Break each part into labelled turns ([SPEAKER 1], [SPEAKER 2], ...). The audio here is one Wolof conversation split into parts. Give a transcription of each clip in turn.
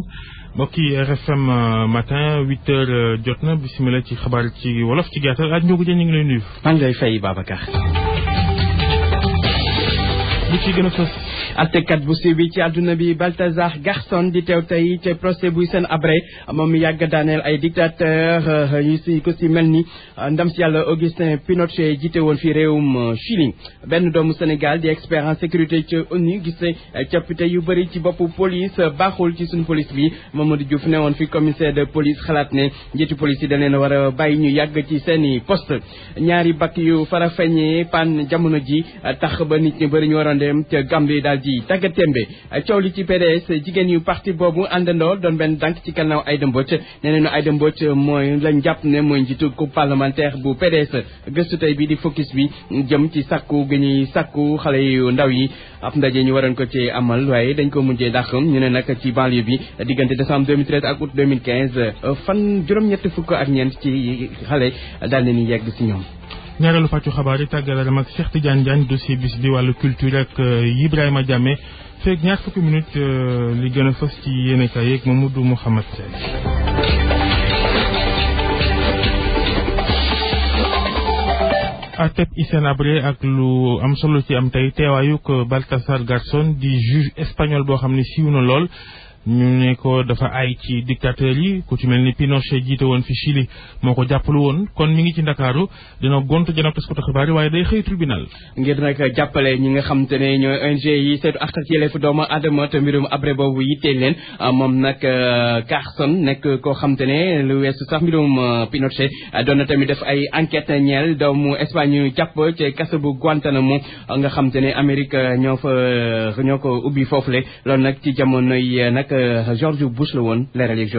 [SPEAKER 1] salaam mbokk RFM euh, matin 8h euh, jotna na ci xabar ci
[SPEAKER 2] wolof ci gàttal ak Ndiogu Dieng ngi lay nuyu. maa fay Babacar. li ci gën a fës attekat bu siiw bi ci àdduna bi Balthazar Garçon di teew tey ca procès buy seen abre moom yàgg daaneel ay dictateur euh, yu si ko si mel ni euh, ndam si yàlla Augustin Pinochet jiite woon fi réewum euh, Chili benn doomu Sénégal di expert en sécurité ca ONU gis coppite yu bari ci boppu police baaxul ci suñu police bi moom Mamadou Diouf ne woon fi commissaire de police xalaat ne njiitu police yi da leen war a bàyyi ñu yàgg ci seeni poste ñaari bakk yu farafeñee pan jamono ji tax ba nit ñi bëri ñu waroon dem ca Gambie daal daal di tàggat tembe coow li ci PDS jigéen yu parti boobu àndandoo doon benn dànk ci kannaaw Aïda Mbodj nee nañu Aïda mooy lañ jàpp ne mooy njiitu groupe parlementaire bu PDS gëstu tey bi di focus bi jëm ci sàkku gi ñuy sàkku xale yu ndaw yi ab ndaje ñu waroon ko ci amal waaye dañ ko mujjee dàq ñu ne nag ci banlieue bi diggante décembre 2013 ak août 2015 fan juróom-ñetti fukk ak ñeent ci xale daal nu yegg si ñoom.
[SPEAKER 1] ñaareelu fàccu xabaar yi tàggat ak Cheikh Tidiane Diagne dossier bis bi wàllu culture ak euh, Ibrahima Diame feeg ñaar fukki minutes euh, li gën a fës ci yéen a kaay yeeg Mamadou Mouhamed atep Hissène Habré ak lu am solo ci am tey teewaayuk Baltasar Garzón di juge espagnol boo xam ne siiw na lool ñu ne ko dafa ay ci dictateur yi ku ci mel ni Pinochet jiite woon fi Chili moo ko jàppalu woon kon mi ngi ci Ndakaaru dina gont janoog taskatu xibaar yi waaye day xëy
[SPEAKER 2] nag jàppale ñi nga xam ne ñooy ONG yi seetu àq ak yelleefu doomu aadama te mbirum abré boobu yitteel leen moom nag euh, Carson nekk koo xam ne lu weesu sax mbirum euh, Pinochet doon tamit def ay enquête ñeel doomu Espagne yu jàpp ci kaso bu Guantanamo nga xam te ne Amérique euh, ñoo fa ñoo ko ubbi foofu foofule loolu nag ci jamonoy nag ak euh, George
[SPEAKER 3] Bush la woon leeral yeeg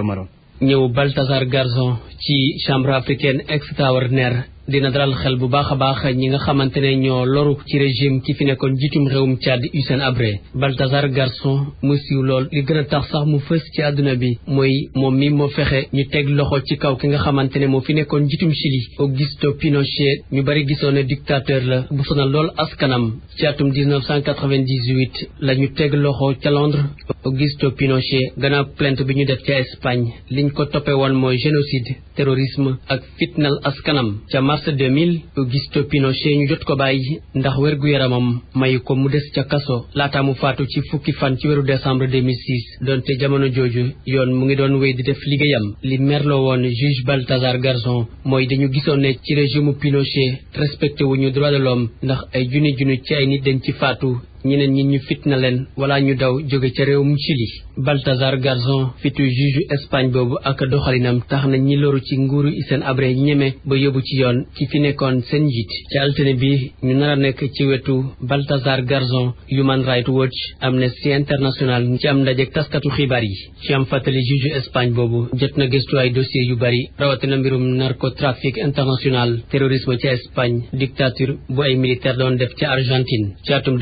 [SPEAKER 3] Jo Balthazar Garzon ci chambre africaine extraordinaire dina dalal xel bu baax baax ñi nga xamante ñoo loru ci régime ki fi nekkoon jiitum réewum Tchad Hissène abré Balthazar garçon mu siiw lool li gën a tax sax mu fës ci àdduna bi mooy moom mi moo fexe ñu teg loxo ci kaw ki nga xamantene moo fi nekkoon Chili Augusto Pinochet ñu bari gisoon ne dictateur la bu sonal lool askanam ci atum 1998 la ñu teg loxo ca Londres Augusto Pinochet gannaaw plainte bi ñu def ca Espagne liñ ko toppe woon mooy génocide terrorisme ak fitnal askanam ca mars 2000 Augusto Pinochet ñu jot ko bàyyi ndax wér-gu-yaramam may ko mu des ca kaso laata mu faatu ci fukki fan ci weeru décembre 2006 donte jamono jooju yoon mu ngi doon wéy di def liggéeyam li merloo woon juge Balthazar Garzon mooy dañu gisoon ne ci régime Pinochet respecté wuñu droit de l'homme ndax ay junni junni ci ay nit dañ ci faatu ñeneen ñi ñu fitna leen wala ñu daw jóge ca réewum Chili Baltasar Garzón fitu juge Espagne boobu ak doxalinam tax na ñi loru ci nguuru seen Habré ñeme ba yóbbu ci yoon ci fi nekkoon seen njiit ci altine bi ñu nar nekk ci wetu Baltasar Garzón Human Rights Watch Amnesty International ci am ndajeek taskatu xibaar yi ci am fàttali juge Espagne boobu jot na gëstu ay dossier yu bari na mbirum narcotrafic international terrorisme ca Espagne dictature bu ay militaire doon def ca Argentine ci atum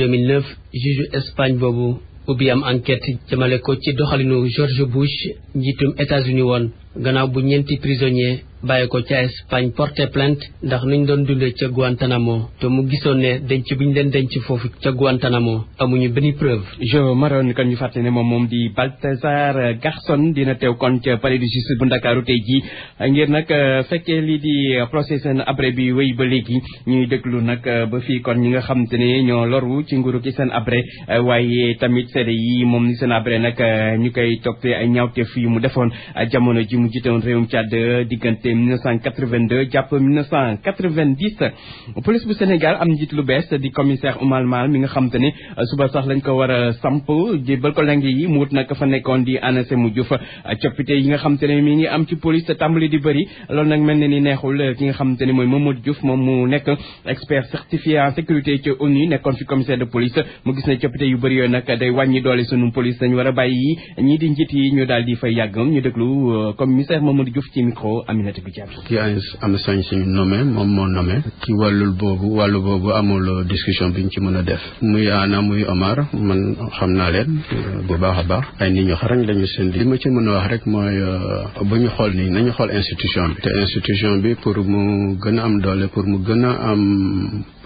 [SPEAKER 3] juge Espagne bobu ubbi am enquête jëmale ko ci doxalinu George Bush njiitum États-Unis gannaaw bu ñeenti prisonnier bàyyi ko ca Espagne porté plainte ndax ñu doon dundee ca Guantanamo te mu gisoon ne denc bi ñu leen denc foofu ca Guantanamo amuñu benn preuve. jo maroon kon ñu fàttali ne moom moom di Balthazar
[SPEAKER 2] Garzón dina teew kon ca palais de justice bu Ndakaaru tey jii ngir nag euh, fekkee lii di procès seen abré bi wéy ba léegi ñuy déglu nag euh, ba fii kon ñi nga xam te ne ñoo loru ci nguuru ki seen abré euh, waaye tamit seede yi moom ni seen abré nag ñu koy toppee ay ñaawteef mu defoon jamono mu jiite woon réewum Tchad diggante 1982 jàpp 1990 police bu Sénégal am njiit lu bees di commissaire Oumar Mal mi nga xam te ne euh, suba sax lañ ko war a samp jébbal ko langi yi mu wut nag fa nekkoon di Anacim Diouf coppite yi nga xam te ne mi ngi am ci police tàmbali di bëri loolu nag mel na ni neexul euh, ki nga xam te ne mooy Mamadou Diouf moom mu nekk expert certifié en sécurité ci ONU nekkoon fi commissaire de a commissaire Mamadou Diouf ci micro Aminata bi Diaby.
[SPEAKER 4] ki am sañ-sañu nommé moom moo nommé. ci wàllul boobu wàllu boobu amul discussion biñ ci mën a def. muy Anna muy Omar man xam naa leen euh, bu baax a baax. ay nit ñu xarañ lañu seen li ma ci mën a wax rek mooy euh, bu ñu xool nii nañu xool institution bi. te institution bi pour mu gën a am doole pour mu gën a am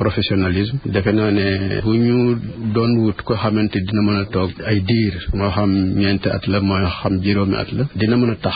[SPEAKER 4] professionnalisme. defe naa ne bu ñu doon wut ko xamante dina mën a toog ay diir moo xam ñeenti at la moo xam juróomi at la dina mën a tax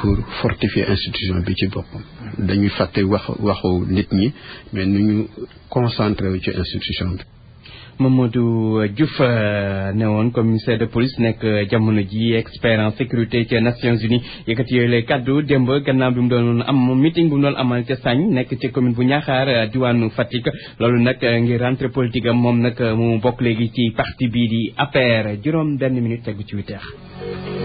[SPEAKER 4] pour fortifier l'institution bi ci Nous dañuy fàtte wax waxo nit ñi mais nous ñu concentré wu ci institution Mamadou Diouf
[SPEAKER 2] eh, newon commissaire de police nek eh, jamono ji expert en sécurité ci Nations Unies yekati yooyu lay kaddu démb gannaaw bi mu doon am meeting bu mu doon amal ci sañ nek ci commune bu Niakhar eh, diwanu Fatick lolou nak ngir rentrer politique am moom nag mu bok legui ci parti bi di APR jurom benn minute tegu ci huit heures.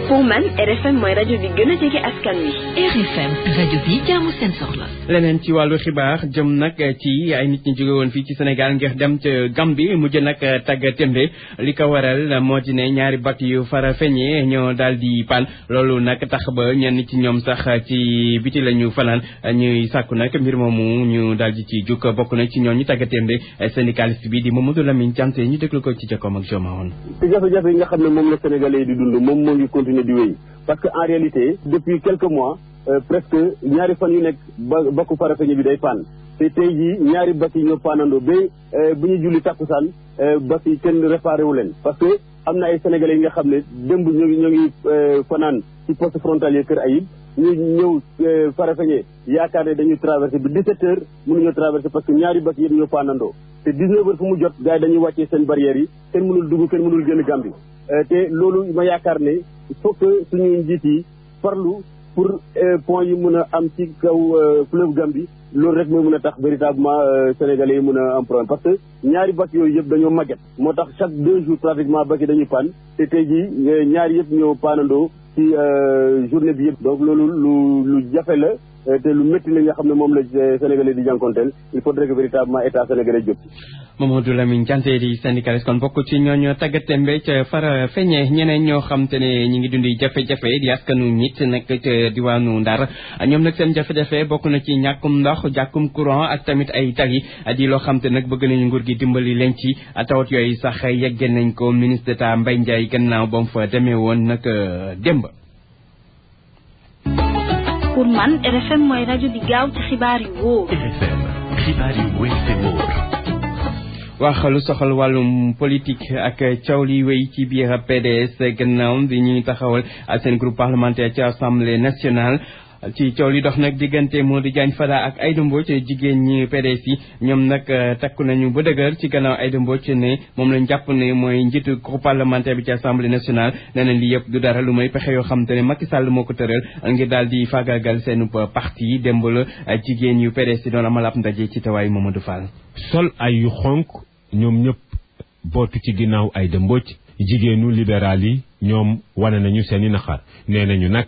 [SPEAKER 5] pour man RFM moy radio bi gëna jégué askan wi. RFM radio bi jaamu sen soxla.
[SPEAKER 2] lenen ci walu xibaar jëm nak ci ay nit ñi jogé won fi ci Sénégal ngeex dem ci Gambie mu ci nag eh, tagga témbe li ko waral eh, moo ci ne ñaari bat yu fara feñee ñoo daal di pan loolu nag tax ba ñenn ci ñoom sax ci biti la ñu fanaan eh, ñuy sàkku nag mbir moom ñu daal di ci jukk bokk na ci ñoom ñu tagga témbe syndicaliste bi di Mamadou Lamine Thianté ñu déglu ko ci jokkoom ak Joma woon
[SPEAKER 6] te jafe-jafe yi nga xam ne moom la sénégalais di dund moom moo ngi continuer di wéy parce que en réalité depuis quelques mois euh, presque ñaari fan yu nekk ba bakku farafeñe bi te tey jii ñaari bas yi ñoo paanandoo ba euh, bu ñu julli takkusaan euh, bas yi kenn réparé wu leen parce que am na ay sénégalais yi nga xam ne démb ñoo ngi ñoo ngi euh, fanaan ci poste frontalier Kër Ayib ñu ñëw Farafeñe yaakaar ne dañuy traversé bi 17 heures mënuñoo traversé parce que ñaari bas yëpp ñoo paanandoo te 19 heures fu mu jot gars yi dañuy wàccee seen barrières yi kenn mënul dugg kenn mënul génn Gambie te loolu ma yaakaar ne il faut que suñu njiit yi farlu pour euh, pont yi mun a am ci kaw euh, fleuve Gambie loolu rek mooy mën a tax véritablement euh, sénégalais yi mun a am problème parce que ñaari bac yooyu yëpp dañoo magget moo tax chaque deux jours pratiquement bac yi dañuy panne te tey jii ñaari yëpp ñoo paanandoo ci euh, journée bi yëpp donc loolu lu lu jafe la euh, te lu métti la nga xam ne moom la euh, sénégalais di jànkonteel il faudrait que véritablement état sénégalais jóg
[SPEAKER 2] Mamadou Lamine Diante di syndicaliste kon bokk ci ñoo ñoo ñooñu tàggatembe ca far feñe ñeneen ñoo xam te ne ñi ngi dundi jafe-jafe di askanu nit nekk ca diwaanu Ndar ñoom nag seen jafe-jafe bokk na ci ñàkkum ndox jàkkum courant ak tamit ay tari di loo xam te nag bëgg nañu nguur gi dimbali leen ci tawat yooyu sax yegge nañ ko ministre d'état Mbaye Ndiaye gannaaw ba mu fa demee woon nag démb
[SPEAKER 5] pour RFM mooy rajo di gaaw ci xibaar yu wóor. RFM
[SPEAKER 2] wax lu soxal wàllum politique ak caaw li wéy ci biir PDS gannaaw bi ñuy taxawal seen groupe parlementaire ci assemblée nationale. ci coow li dox nag diggante moo Modou Diagne Fada ak Aïda Mbodj jigéen ñi PDS yi ñoom nag euh, takku nañu ba dëgër ci gannaaw Aïda Mbodj ne moom lañ jàpp ne mooy njiitu groupe parlementaire bi ci assemblée nationale nee na lii yëpp du dara lu may pexe yoo xam te ne Macky Sall moo ko tëral ngir daal di faagaagal seen parti yi démb la euh, jigéen yu PDS yi doon amal ab ndaje ci tawaayu Mamadou Fall.
[SPEAKER 1] sol ay yu xonq ñoom ñëpp bootu ci ginnaaw Aïda Mbodj jigéenu libéral yi ñoom wane nañu seen i naxar nee nañu nag.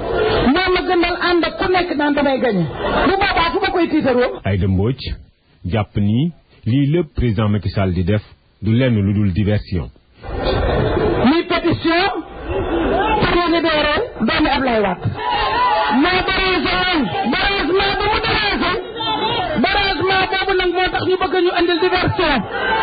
[SPEAKER 7] moom la gëndal ànd ak ku nekk naan damay gañe bu boobaa fu ma koy tiitaroo. Aïda
[SPEAKER 1] Mbodj jàpp ni lii lépp président Macky Sall di def du lenn lu dul diversion.
[SPEAKER 7] muy pétition. président bi dooroon doomi Ablaye Wade. maa déranger woon. dérangement ba boobu nag moo tax ñu bëgg ñu andil diversion.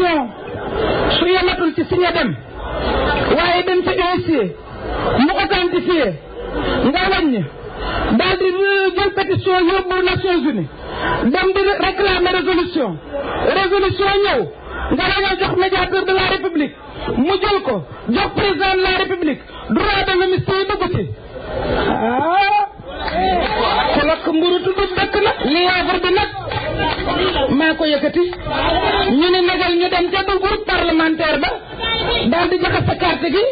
[SPEAKER 7] formation su yematul ci signé dem waaye dem ci initié mu authentifié nga wàññi daal di jël pétition yóbbu Nations Unies dem di réclamer résolution résolution ñëw nga ragal jox médiateur de la république mu jël ko jox président de la république droit de l'homme yi dugg ci ah ku lakk mburu tudd dëkk na livre bi nag maa ko yëkkati ñu ni nagal ñu dem ca groupe parlementaire ba daal di sa carte gi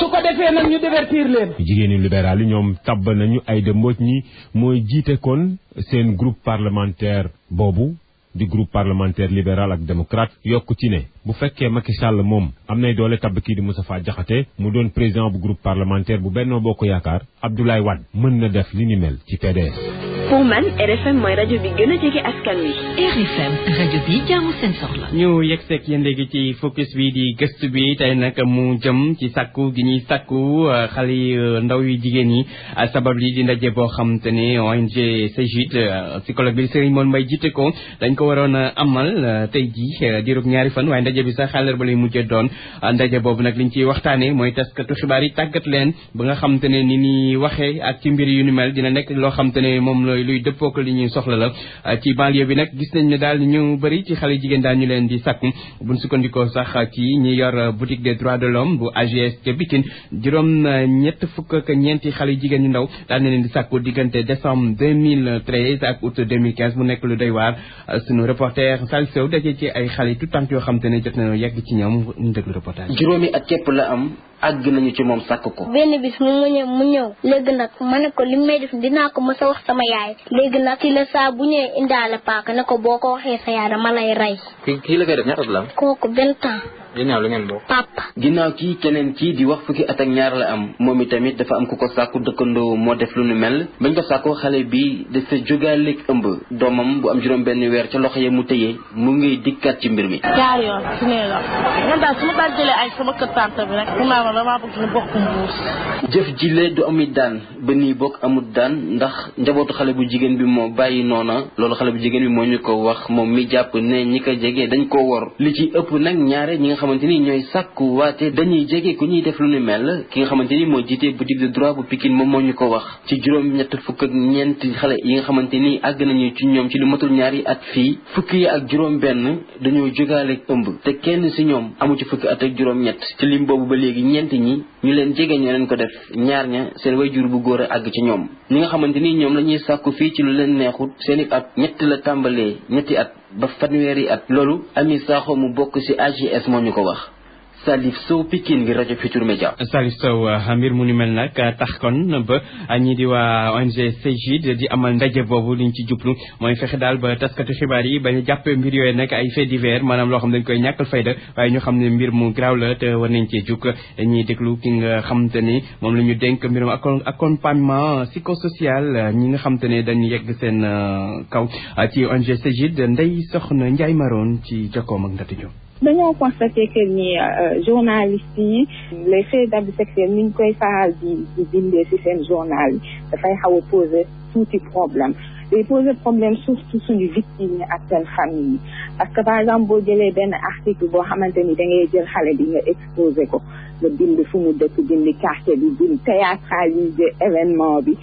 [SPEAKER 7] su ko defee nag ñu divertir leen.
[SPEAKER 1] jigéenu libéral yi ñoom tabb nañu ay Mbodj ñi mooy jiite kon seen groupe parlementaire boobu di groupe parlementaire libéral ak démocrate yokk ci ne bu fekkee Macky Sall moom am nay doole tabb kii di Moustapha Diakhaté mu doon président bu groupe parlementaire bu Benno Bokk Yaakaar Abdoulaye Wade mën na def li ni mel ci PDS.
[SPEAKER 5] pour man RFM mooy rajo bi gën a jege askan wi RFM Radio bi jaamu seen soxla
[SPEAKER 2] ñu yegseeg yéen léegi ci focus bi di gëstu bi tey nag mu jëm ci sàkku gi ñuy sàkku euh, xale euh, ndaw yu jigéen yi sabab li di ndaje boo xam te ne ONG Sagit uh, psychologue bi Serigne Mon Mbay jiite ko dañ ko waroon amal euh, tey ji diirub ñaari fan waaye ndaje bi sax xaalar ba lay mujjee doon ndaje boobu nag liñ ciy waxtaane mooy taskatu xibaar yi tàggat leen ba nga xam te ni ni waxee ak ci mbir yu ni mel dina nekk loo xam te ne la yooyu luy dëppook li ñuy soxla la ah, ci banlieue bi nag gis nañ daal ñu bëri ci xale jigéen daal ñu leen di sàkku buñ sukkandikoo sax ci ñi yor ah, boutique des droits de l'homme bu AGS ca Bikin juróom ah, ñett fukk ak ñeenti xale jigéen ñu ndaw daal na leen di sàkku diggante décembre 2013 ak août 2015 mu nekk lu doy waar sunu reporter Salif Sow daje ci ay xale tout temps yoo xam te ne jot nañoo yegg ci ñoom ñu juróomi at képp la am àgg nañu ci moom sàkk ko.
[SPEAKER 7] benn bis mu ñëw mu ñëw léegi nag ma ko
[SPEAKER 8] li may def dinaa ko mës a wax sama yaay léegi nag ci la saa bu ñëwee indaale paaka ne ko boo ko waxee sa yaay dama lay rey.
[SPEAKER 9] kii kii la koy def ñaata la
[SPEAKER 8] kooku benn temps.
[SPEAKER 9] ginaaw lu ngeen bokk pap
[SPEAKER 8] ginaaw ki keneen ci di wax fukki at ak ñaar la am moom tamit dafa am ku ko sàkku dëkkandoo moo def lu nu mel bañ ko sàkkoo xale bi dafa jógaaleeg ëmb doomam bu am juróom benn weer ca loxo ya mu tëyee mu ngi dikkat ci mbir mi
[SPEAKER 7] jaar yoon su nee la man daal su ma daan jëlee ay sama kër tante bi rek dinaa ma damaa bëgg ñu bokk mbuus
[SPEAKER 8] jëf ji du amit daan ba nii bokk amut daan ndax njabootu xale bu jigéen bi moo bàyyi noona loolu xale bu jigéen bi moo ñu ko wax moom mi jàpp ne ñi ko jege dañ ko wor li ci ëpp nag ñaare ñi nga nga xamante ni ñooy sàkku waate dañuy jege ku ñuy def lu ni mel ki nga xamante ni moo jiite boutique de droit bu Pikine moom moo ñu ko wax ci juróom ñett fukk ak ñeent xale yi nga xamante ni àgg nañu ci ñoom ci lu matul ñaari at fii fukk yi ak juróom benn dañoo jógaale ëmb te kenn si ñoom amu ci fukki at ak juróom ñett ci lim boobu ba léegi ñeent ñi ñu leen jege ñoo leen ko def ñaar ña seen jur bu góor a àgg ci ñoom ñi nga xamante ni ñoom la ñuy sàkku fii ci lu leen neexut seen i at ñett la tàmbalee ñetti at ba fanweeri ak loolu Ami Sakho mu bokk ci AJS moo ñu ko wax Salif Sow Pikine ngir rajo Futur Media.
[SPEAKER 2] Salif Sow euh, mbir mu ni mel nag euh, tax kon ba a euh, ñii di waa ONG CGID di amal ndaje boobu liñ ci jublu mooy fexe daal ba taskatu xibaar yi ba a jàppee mbir yooyu nekk ay fait divers maanaam loo xam dañ koy ñàkkal fayda waaye ñoo xam ne mbir mu garaaw la te war nañ cee jug ñuy déglu ki nga xam te ni moom la ñu dénk mbirum accompagnement psychosocial ñi nga xam te ne dañu yegg seen kaw ci ONG CGID Ndeye Soxna Ndiaye Maroon ci jokkoom ak Ndati
[SPEAKER 5] avons constaté que les euh, journalistes les faits d'abus sexuels ni pas koy faral di journal Ça xaw poser tuuti problème pose poser problèmes surtout suñu victime ak tel famille parce que par exemple article a da ngay jël bi nga ko quartier événement bi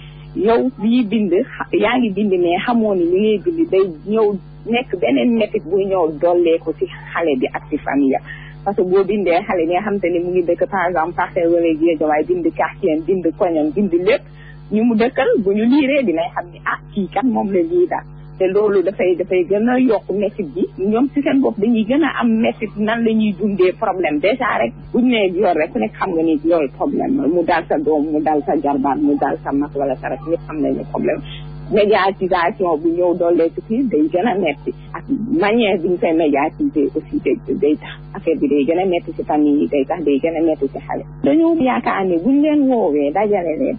[SPEAKER 5] yow nekk beneen métit buy ñëw dolleeku ci xale bi ak ci famille parce que boo bindee xale bi nga xam te ne mu ngi dëkk par exemple parcelle religieux waaye bind quartier bind koñam bind lépp mu dëkkal bu ñu liiree xam ni ah kii kat moom la lii daal te loolu dafay dafay gën a yokk métit bi ñoom ci seen bopp dañuy gën a am métit nan la ñuy dundee problème dèjà rek bu ñu nee rek ku nekk xam nga ni yooyu problème mu dal sa doom mu dal sa jarbaat mu dal sa mag wala sa rek ñëpp xam nañu problème médiatisation bu ñëw dooleeku ci day gën a metti ak manière bi ñu koy médiatiser aussi day dey tax affaire bi day gën a metti ci famille yi day tax day gën a metti ci xale. dañoo yaakaar ne buñ leen woowee dajale leen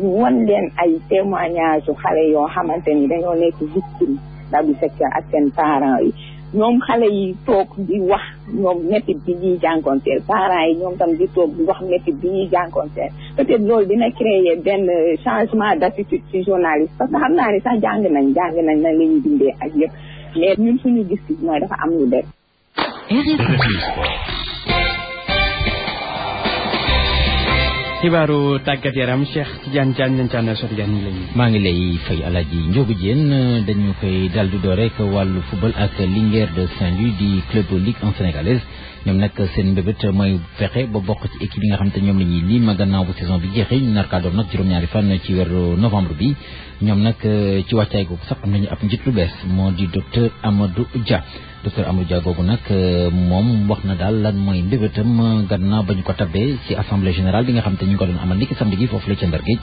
[SPEAKER 5] ñu wan leen ay témoignage yu xale yoo xamante ni dañoo nekk victime d'abus sexuel ak seen parents yi. ñoom xale yi toog di wax ñoom métit bi ñuy jànkonteel parents yi ñoom tam di toog di wax métit bi ñuy jànkonteel peut-être loolu dina créer benn changement d'attitude ci journaliste parce que xam naa ne sax jàng nañ jàng nañ nañ la ñuy ak yëpp mais ñun suñu gis-gis mooy dafa am lu def
[SPEAKER 2] xibaaru tàggat yaram Cheikh Tidiane Diagne lañ tànn Cheikh Tidiane ñu
[SPEAKER 9] lay. maa ngi lay fay Alaaji Njóobu Jéen dañu koy dal di door rek wàllu football ak Linguère de Saint-Louis di club ligue en sénégalaise ñoom nag seen mbébét mooy fexe ba bokk ci équipe yi nga xam te ñoom la ñuy lim gannaaw bu saison bi jeexee ñu nar kaa doon nag juróom-ñaari fan ci weeru novembre bi ñoom nag ci wàccaay googu sax am nañu ab njiit lu bees moo di docteur Amadou Dia. docteur Amadou Dia googu nag euh, moom wax na daal lan mooy mbébétam euh, gannaaw ba ñu ko tabee ci assemblée générale bi nga xam te ñu ngi ko doon amal ni ki samedi gi foofu la ca Ndar Géej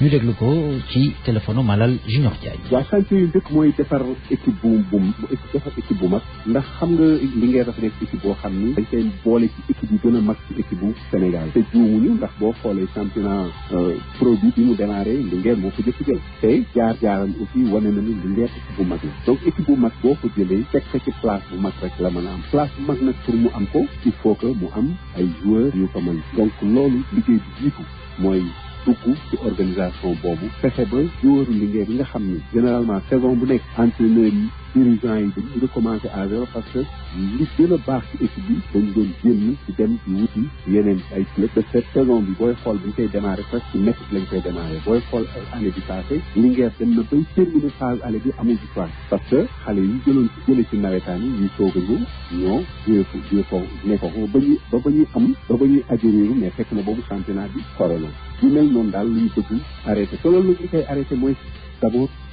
[SPEAKER 9] ñu déglu ko ci téléphone Malal Junior Diagne.
[SPEAKER 10] waaw sant yu njëkk mooy defar équipe bu bu mag ndax xam nga li ngay dafa nekk équipe boo xam ni dañ koy boole ci équipe yu gën mag ci équipe bu Sénégal te juumuñu ndax boo xoolee championnat euh, pro bi mu démarré li ngeen moo ko jëkk jël te jaar jaaram aussi wane nañu li ngeen équipe bu mag la mag boo ko jëlee teg ci place bu mag rek la mën a am place bu mag nag pour mu am ko il faut que mu am ay joueurs yu ko mën donc loolu liggéey bi jiitu mooy dugg ci organisation boobu fexe ba joueur liggéey bi nga xam ni généralement saison bu nekk entraîneur yi dirigeants yi dañuy recommencer à zéro parce que li gën a baax ci équipe bi doon génn ci dem ci wuti yeneen ay club te cette bi booy xool bi ñu koy démarrer presque nekk lañ koy démarrer booy xool année bi passé Linguère dem na bay bi amul victoire parce que xale yi jëloon ci jële ci nawetaan yi ñuy soog a ñëw ñoo joué fo joué ko ba ñuy ba ba ñuy am ba ba ñuy adhérer mais fekk na boobu championnat bi sore na. su mel noonu daal lu ñu bëgg arrêté te loolu la koy arrêté mooy d'abord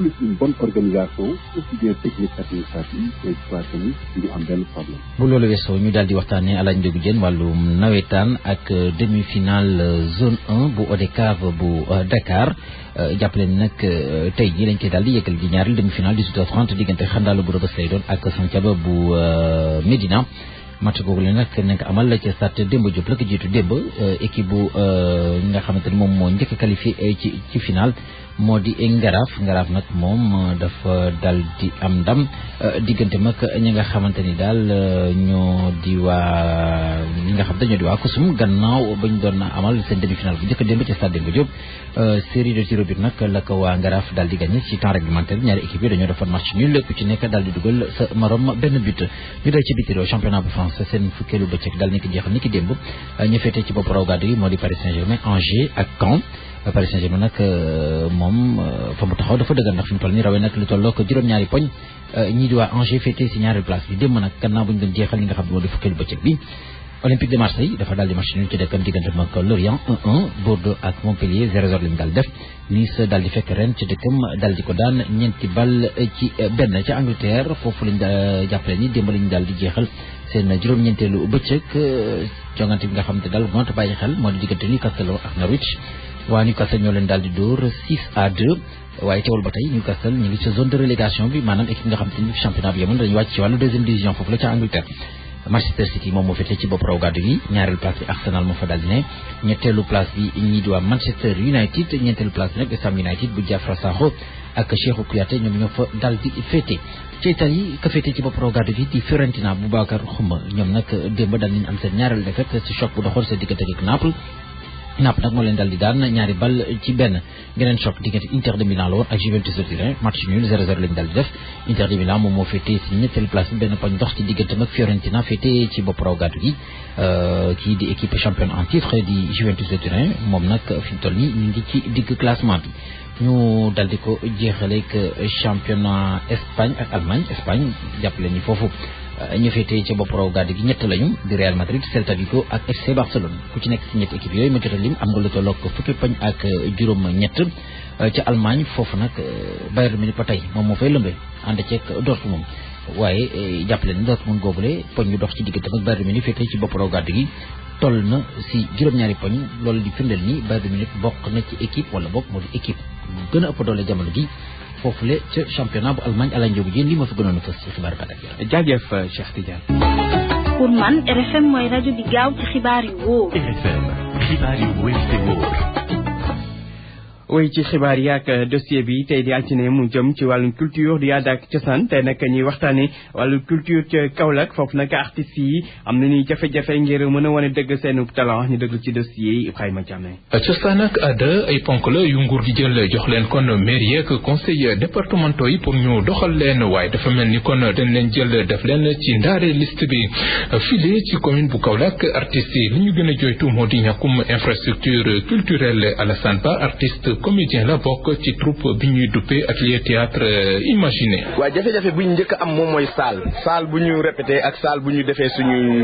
[SPEAKER 10] plus une bonne organisation aussi bien technique administrative et stratégique du am bel problème.
[SPEAKER 9] bu loolu weesoo ñu daal di waxtaanee El Hadj Ndiogou Diène wàllum ak euh, demi-finale euh, zone 1 bu ODCAV bu euh, Dakar jàppale nag tey jii lañ koy daal di yëgal gi ñaari demi-finale 18h30 diggante xandaalu bu Rebeuss lay doon ak Santhiaba bu Médina. match googu la nag nekk amal la ci stade démb jup la ko jiitu eh, démb équipe eh, bu nga xamanteni mom mo ñëk qualifié eh, ci ci final modi di ngaraf nak mom dafa dal di am dam digënté mak ñinga xamanteni dal ño di wa ñinga xam dañu di wa kusum gannaaw bañ doon amal sen demi final bu jëk démb ci stade démb jub série de tiro but nag la ko wa ngaraf dal di gagné ci temps réglementaire ñaari équipe yi dañu defoon match nul ku ci nekk dal di duggal sa marom ben but ñu dal ci bitiro championnat bu France France seen fukkeelu bëccëg dal ni ki jeexal ni ki démb ñu fété ci bopp raw gàddu yi moo Paris Saint-Germain Angers ak Caen Paris Saint-Germain nak euh, mom euh, fa mu taxaw dafa dëggal nak fi mu toll nii rawee nag lu tolloo ko juróom-ñaari poñ euh, ñi di waa Angers fété ci ñaari place bi démb nak kan na buñu doon jeexal li nga xam ne moo di fukkeelu bi Olympique de Marseille dafa daal di match nul ci dëkkam diggante mag Lorient 1-1 Bordeaux ak Montpellier 0-0 lañu dal def Nice daal di fekk Rennes ci dëkkam daal di ko daan ñeenti bal ci euh, benn ca Angleterre foofu lañ euh, jàppale ni démb lañu daal di jeexal seen juróom ñentelu bëccëg euh, jongante bi nga xam te daal bu bàyyi xel moo di diggante Newcastle ak Norwich waa Newcastle ñoo leen daal di dóor 6-2. waaye teewul ba tey Newcastle ñu ngi ci zone de relégation bi maanaam équipe nga xam te ni championnat bi yemoon dañu wàcc ci wàllu deuxième division foofu la ca Angleterre Manchester City moom moo féetee ci bopp raw gàddu gi ñaareelu place bi Arsenal moo fa daal di ne ñetteelu place bi ñii di Manchester United ñetteelu place bi nag Sam United bu Diafra Sakho ak Cheikhou Kouyaté ñoom ñoo fa daal di féete ci Italie ka féete ci bopp raw gàddu gi di Fiorentina bu Bakar Xuma ñoom nag démb daal nañu am seen ñaareelu défaite ci choc bu doxoon seen diggante ak Naples napp nag moo leen daal di daan ñaari bal ci ben geneen choc digënté Inter de Milan la woon ak Juventus de Turin match nul 0-0 la ñu def Inter de Milan mo mo fété ci ñetteelu place ben benn poñ dox ci diggante mag Fiorentina fété ci bopp raw gàddu gi euh, ki di équipe championne en titre di Juventus de Turin mom nak fi toll ni ñu ngi ci digg classement bi. ñu dal di ko jeexaleeg championnat Espagne ak Allemagne Espagne jàppale ñu fofu ñu féetee ci bopp raw gàddu gi ñett lañu di Real Madrid Celta Vigo ak FC Barcelone ku ci nekk si ñett équipe yooyu ma jot a lim am nga lu tolloog fukki pañ ak juróom-ñett euh, ca Allemagne foofu nag euh, Bayern Munich ba tey moom moo fay lëmbee ànd ceeg moom waaye euh, jàpp leen Dortmund googule poñ yu dox ci diggante ak Bayern Munich féetee ci bopp raw gàddu gi. toll na si juróom-ñaari poñ loolu di firndeel ni Bayern Munich bokk na ci équipe wala bokk moo di équipe mu gën a ëpp doole jamono gi foofule ca championnat bu Allemagne Alain Ndiogou Diène li ma fa gënoon a fës ci xibaaru tàggat yaram.
[SPEAKER 5] gaaw ci xibaar
[SPEAKER 7] yu wóor.
[SPEAKER 2] way ci xibaar yaa ak euh, dossier bi tey di altine mu jëm ci wàllu culture di aada ak cosaan tey nag ñuy waxtaanee wàllu culture ca Kaolack foofu nag artistes yi am nañuy jafe-jafe ngir mën a wane dëgg seenu talent ñu déglu ci dossier yi Ibrahima Diame.
[SPEAKER 11] cosaan ak aada ay ponk la yu nguur gi jël jox leen kon mairie ak conseil départementaux yi pour ñu doxal leen waaye dafa mel ni kon dañ leen jël def leen ci ndaare liste bi file ci commune bu Kaolack artistes yi li ñu gën a jooytu moo di ñàkkum infrastructure culturelle Alassane Ba artiste comédien la bokk ci troupe bi ñuy ak atelier théâtre euh, imaginé.
[SPEAKER 2] wa jafé jafé bu ñu njëkk am moom moy salle salle bu ñu répété ak salle bu ñu defee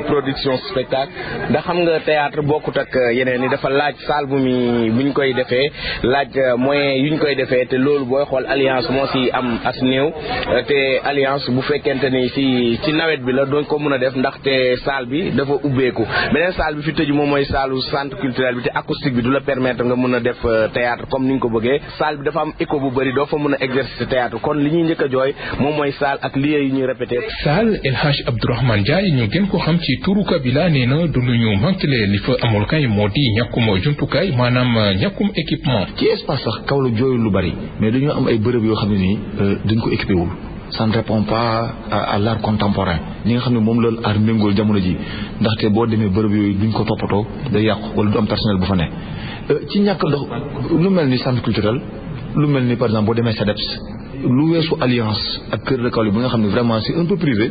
[SPEAKER 2] production spectacle da xam nga théâtre bokut ak euh, yeneen yi dafa laaj salle bu mi buñ koy défé laaj euh, moyen yuñ koy défé té loolu boy xol alliance mo si am as new té alliance bu fekkenté ni ci ci nawet bi la doon ko mëna a ndax té salle bi dafa ubbeeku beneen salle bi fi tëju moom moy salle centre culturel bi te acoustique bi du la permettre nga mëna a def théâtre comme ni ñu ko bëggee salle bi dafa am écho bu bëri doo fa mën a exercice théâtre kon li ñuy njëkk a jooy moom mooy salle ak lieu yi ñuy répété.
[SPEAKER 11] salle El Hadj Abdourahmane Ndiaye ñu gën ko xam ci turu Kabila nee na du ñu manqué li fa amul kay moo di ñàkkum jumtukaay maanaam euh, ñàkkum équipement.
[SPEAKER 6] ci espace sax kaw la jooyul lu bari mais dañoo am ay bërëb yoo xam ne nii euh, duñ ko équipé wul. ça ne répond pas à l'art contemporain li nga xam ne moom loolu art méngool jamono ji ndaxte boo demee bërëb yooyu duñ ko toppatoo day yàqu wala du am personnel fa ne ci ñàkk dox lu mel ni centre culturel lu mel ni par exemple boo demee SADEPS lu weesu alliance ak kër de Kaolack bi nga xam ne vraiment ci un peu privé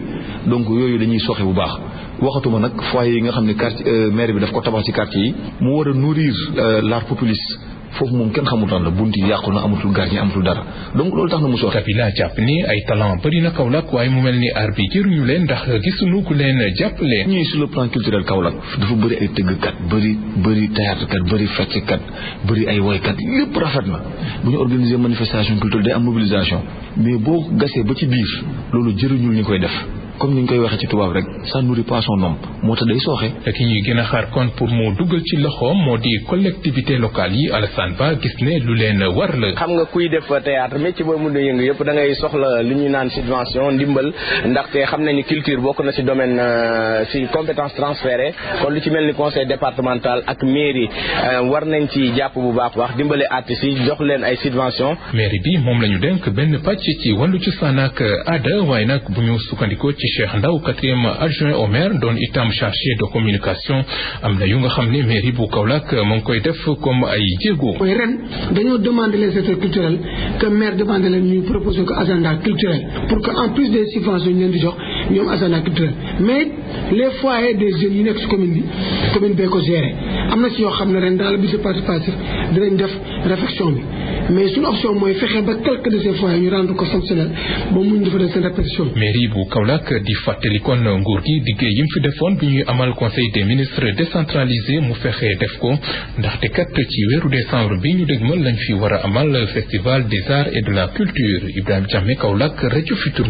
[SPEAKER 6] donc yooyu dañuy soxe bu baax waxatuma nag foyer yi nga xam ne quartier euh, maire bi daf ko tabax ci quartier yi
[SPEAKER 11] mu war a nourrir euh, l'art populiste foofu moom kenn tanda la bunti yàqu ya, na amatul gaañi ya, amatul dara donc loolu tax na mu soxla kabila jàpp ni ay talent bëri na kaolack waaye mu mel ni aar bi jëruñu leen ndax gisunu ku leen eh, jàppale ñii sur le plan culturel kaolack dafa bëri ay tëggkat bëri bëri théâtre kat bëri kat, bëri ay woykat lépp rafet na bu ñu organiser manifestation
[SPEAKER 6] culturelle day am mobilisation mais boo gasee ba ci biir loolu jëruñul ñi koy def comme ni
[SPEAKER 11] ngui koy waxee ci tubaab rek ça nourrit pas son homme moo day soxé ak ñuy gëna xaar kon pour mo duggal ci loxom moo di collectivité locale yi Alassane Ba gis né lu leen war la. xam nga kuy def
[SPEAKER 2] théâtre métier boo mun a yëngu yëpp da ngay soxla li ñuy naan subvention ndimbal té xam nañu culture bokku na ci domaine euh, ci compétence transférée kon lu ci melni conseil départemental ak mairie euh, war nañ ci japp bu baax wax dimbalé artiste yi jox leen ay subvention
[SPEAKER 11] mairie bi mom lañu ñu ben patch ci walu ci sanak ada way nak bu ñu sukkandikoo ci Cheikh Ndaw quatrième adjoint au maire doon itam chargé de communication am na yu nga xamné mairie bu Kaolack moo ngi koy def comme ay jéego. koy ren
[SPEAKER 4] dañu demander les secteurs culturels que maire demande la ñuy proposer que agenda culturel pour que en plus des subventions ñen leen di jox ñom agenda culturel mais les foyers des jeunes yu nekk si commune bi commune bee ko gérer amna ci si xamné ren dans le budget participatif dinañ def réflexion bi mais suñu option mooy fexe ba quelque de ces foyers ñu rendre ko fonctionnel ba muñ dafa def seen répétition.
[SPEAKER 11] mairie bu Kaolack di fàttalikoon nguur gi liggéey yim fi defoon bi ñuy amal conseil des ministres décentralisé mu fexe def ko ndaxte kat ci weeru décembre bi ñu dégmal lañ fi war a amal festival des arts et de la culture Ibrahima Diamé Kaolack rajo Futur.